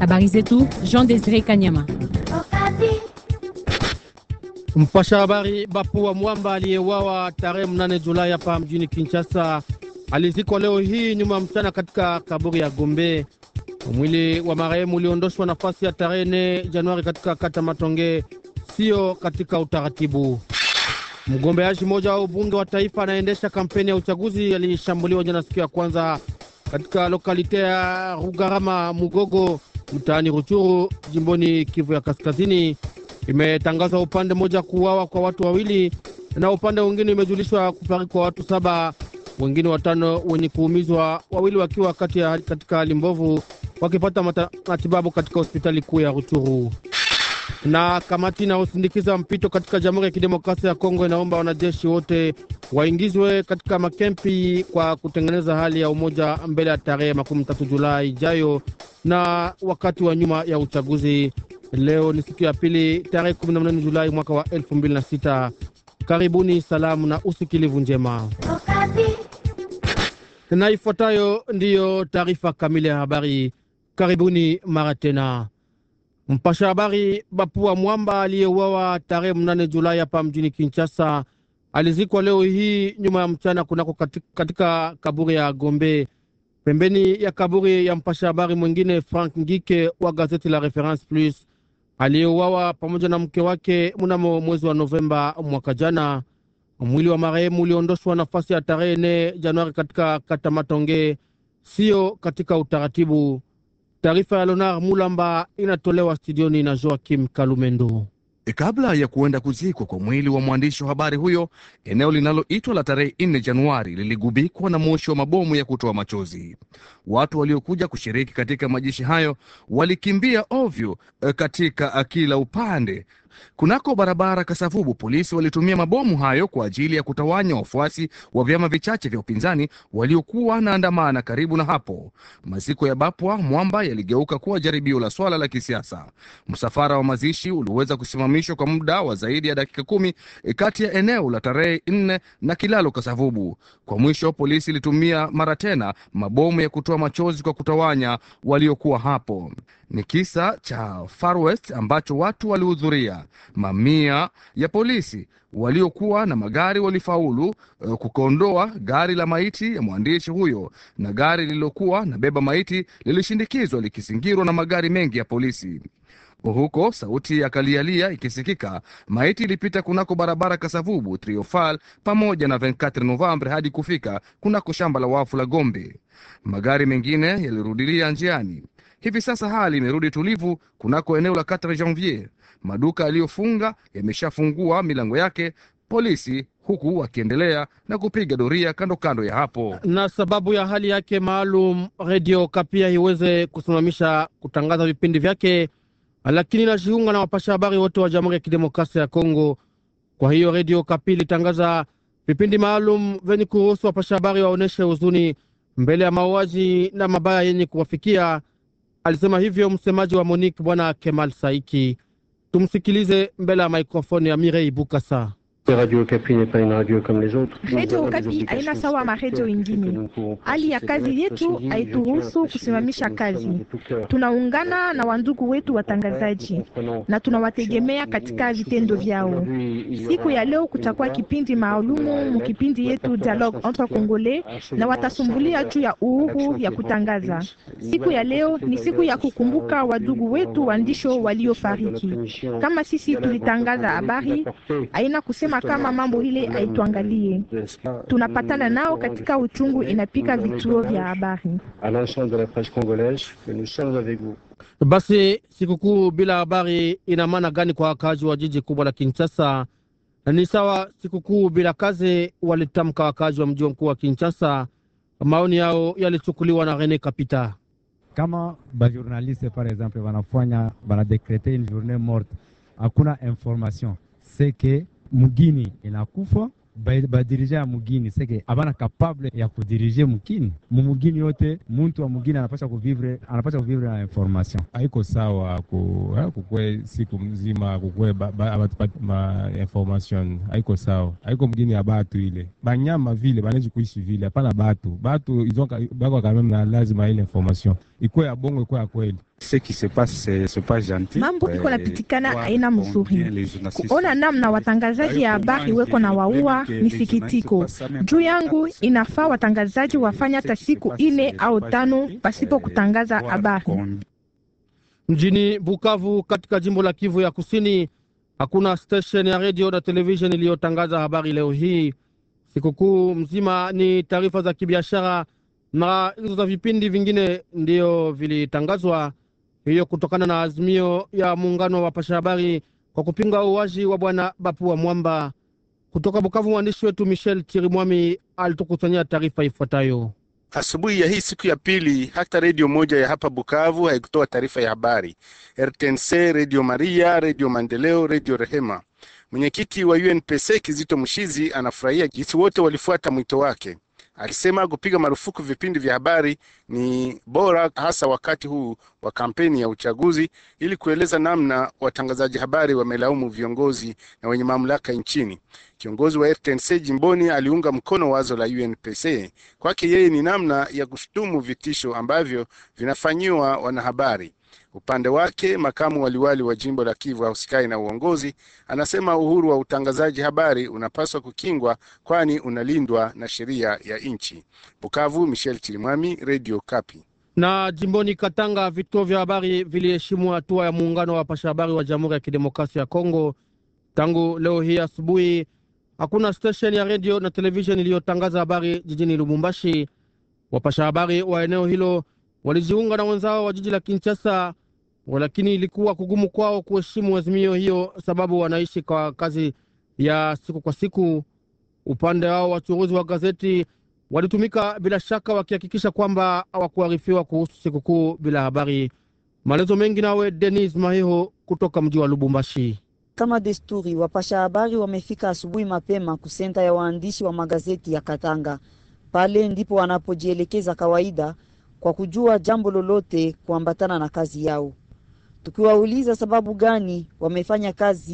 Habari zetu Jean Desire Kanyama. Mpasha habari Bapu wa Mwamba aliyewawa tarehe mnane Julai hapa mjini Kinshasa alizikwa leo hii nyuma mchana katika kaburi ya Gombe. Mwili wa marehemu uliondoshwa nafasi ya tarehe nne Januari katika kata Matonge, sio katika utaratibu. Mgombeaji mmoja wa ubunge wa taifa anaendesha kampeni ya uchaguzi alishambuliwa jana siku ya kwanza katika lokalite ya Rugarama Mugogo mtaani Ruchuru jimboni Kivu ya Kaskazini imetangaza upande mmoja kuuawa kwa watu wawili na upande mwingine imejulishwa kufariki kwa watu saba, wengine watano wenye kuumizwa, wawili wakiwa katika hali mbovu wakipata matibabu katika hospitali kuu ya Ruchuru. Na kamati inayosindikiza mpito katika Jamhuri ya Kidemokrasia ya Kongo inaomba wanajeshi wote waingizwe katika makempi kwa kutengeneza hali ya umoja mbele ya tarehe makumi tatu Julai ijayo na wakati wa nyuma ya uchaguzi. Leo ni siku ya pili tarehe 18 Julai mwaka wa 2006. Karibuni, salamu na usikilivu njema. Na ifuatayo ndiyo taarifa kamili ya habari. Karibuni mara tena. Mpasha habari Bapua Mwamba aliyeuawa tarehe mnane Julai hapa mjini Kinshasa alizikwa leo hii nyuma ya mchana kunako katika, katika kaburi ya Gombe pembeni ya kaburi ya mpasha habari mwingine Frank Ngike wa gazeti la Reference Plus aliyeuawa pamoja na mke wake mnamo mwezi wa Novemba mwaka jana. Mwili wa marehemu uliondoshwa nafasi ya tarehe ne Januari katika kata Matonge, sio katika utaratibu Taarifa ya Leonard Mulamba inatolewa studioni na Joakim Kalumendo. E, kabla ya kuenda kuzikwa kwa mwili wa mwandishi wa habari huyo, eneo linaloitwa la tarehe 4 Januari liligubikwa na moshi wa mabomu ya kutoa machozi. Watu waliokuja kushiriki katika majishi hayo walikimbia ovyo e, katika kila upande, Kunako barabara Kasavubu, polisi walitumia mabomu hayo kwa ajili ya kutawanya wafuasi wa vyama vichache vya upinzani waliokuwa na andamana karibu na hapo. Maziko ya Bapwa Mwamba yaligeuka kuwa jaribio la swala la kisiasa. Msafara wa mazishi uliweza kusimamishwa kwa muda wa zaidi ya dakika kumi e, kati ya eneo la tarehe nne na kilalo Kasavubu. Kwa mwisho, polisi ilitumia mara tena mabomu ya kutoa machozi kwa kutawanya waliokuwa hapo ni kisa cha Far West ambacho watu walihudhuria. Mamia ya polisi waliokuwa na magari walifaulu uh, kukondoa gari la maiti ya mwandishi huyo, na gari lililokuwa na beba maiti lilishindikizwa likizingirwa na magari mengi ya polisi. Huko sauti ya kalialia ikisikika, maiti ilipita kunako barabara Kasavubu Triofal pamoja na 24 Novembre hadi kufika kunako shamba la wafu la Gombe. Magari mengine yalirudilia njiani. Hivi sasa hali imerudi tulivu kunako eneo la 4 Janvier. Maduka yaliyofunga yameshafungua milango yake, polisi huku wakiendelea na kupiga doria kando kando ya hapo. Na sababu ya hali yake maalum, redio Kapia iweze kusimamisha kutangaza vipindi vyake, lakini inajiunga na wapasha habari wote wa Jamhuri ya Kidemokrasia ya Kongo. Kwa hiyo redio Kapi ilitangaza vipindi maalum vyenye kuruhusu wapasha habari waonyeshe huzuni mbele ya mauaji na mabaya yenye kuwafikia Alisema hivyo msemaji wa Monique bwana Kemal Saiki. Tumsikilize mbele ya maikrofoni ya Mirei Bukasa. Radio Kapi n'est pas une radio comme les autres. Radio Kapi haina sawa ma radio ingine. Hali ya kazi yetu haituruhusu kusimamisha kazi. Tunaungana na wandugu wetu watangazaji na tunawategemea katika vitendo vyao. Siku ya leo kutakuwa kipindi maalumu mkipindi yetu Dialogue entre Congolais na watasumbulia juu ya uhuru ya kutangaza. Siku ya leo ni siku ya kukumbuka wadugu wetu waandisho waliofariki. Kama sisi tulitangaza habari haina kusema kusema kama mambo ile haituangalie, tunapatana nao katika uchungu inapika vituo vya habari. Basi sikukuu bila habari ina maana gani kwa wakaaji wa jiji kubwa la Kinshasa? Ni sawa sikukuu bila kazi, walitamka wakaaji wa mji mkuu wa Kinshasa. Maoni yao yalichukuliwa na Rene Kapita. Kama bajurnaliste par exemple wanafanya banadekrete une journée morte, hakuna information seke mugini inakufa badirija ya mugini seke abana kapable ya kudirije mugini mumugini yote muntu wa mugini anapasha kuvivre anapasha kuvivre na information haiko sawa ku kukwe siku mzima kukwe abatupati ma information haiko sawa haiko mugini ya batu ile banyama vile banezi kuishi vile hapana batu batu izonka bako kameme na lazima ile information ikwe ya bongo ikwe ya kweli Mambo iko euh, napitikana aina mzuri, kuona namna watangazaji ya habari weko na waua ni sikitiko juu yangu. Inafaa watangazaji wafanya hata siku ine au tano pasipo euh, kutangaza habari. Mjini Bukavu katika jimbo la Kivu ya Kusini hakuna station ya radio na television iliyotangaza habari leo hii. Sikukuu mzima ni taarifa za kibiashara, na hizo za vipindi vingine ndiyo vilitangazwa hiyo kutokana na azimio ya muungano wa wapasha habari kwa kupinga uwaji wa bwana Bapua Mwamba. Kutoka Bukavu, mwandishi wetu Michel Chirimwami alitukusanyia taarifa ifuatayo. Asubuhi ya hii siku ya pili hata redio moja ya hapa Bukavu haikutoa taarifa ya habari: RTNC, redio Maria, redio Maendeleo, redio Rehema. Mwenyekiti wa UNPC Kizito Mshizi anafurahia jinsi wote walifuata mwito wake. Alisema kupiga marufuku vipindi vya habari ni bora hasa wakati huu wa kampeni ya uchaguzi ili kueleza namna watangazaji habari wamelaumu viongozi na wenye mamlaka nchini. Kiongozi wa RTNC jimboni aliunga mkono wazo la UNPC. Kwake yeye ni namna ya kushutumu vitisho ambavyo vinafanyiwa wanahabari. Upande wake makamu waliwali wa jimbo la Kivu hausikai na uongozi anasema uhuru wa utangazaji habari unapaswa kukingwa, kwani unalindwa na sheria ya nchi. Bukavu, Michel Chilimwami, Radio Kapi. Na jimboni Katanga, vituo vya habari viliheshimu hatua ya muungano wa wapasha habari wa Jamhuri ya Kidemokrasia ya Kongo. Tangu leo hii asubuhi, hakuna stesheni ya redio na televisheni iliyotangaza habari jijini Lubumbashi. Wapasha habari wa eneo hilo walijiunga na wenzao wa jiji la Kinshasa, walakini ilikuwa kugumu kwao kuheshimu azimio hiyo, sababu wanaishi kwa kazi ya siku kwa siku. Upande wao wachunguzi wa gazeti walitumika bila shaka, wakihakikisha kwamba hawakuarifiwa kuhusu sikukuu bila habari. Maelezo mengi nawe Denis Mahiho kutoka mji wa Lubumbashi. Kama desturi, wapasha habari wamefika asubuhi mapema kusenta ya waandishi wa magazeti ya Katanga. Pale ndipo wanapojielekeza kawaida kwa kujua jambo lolote kuambatana na kazi yao. Tukiwauliza sababu gani wamefanya kazi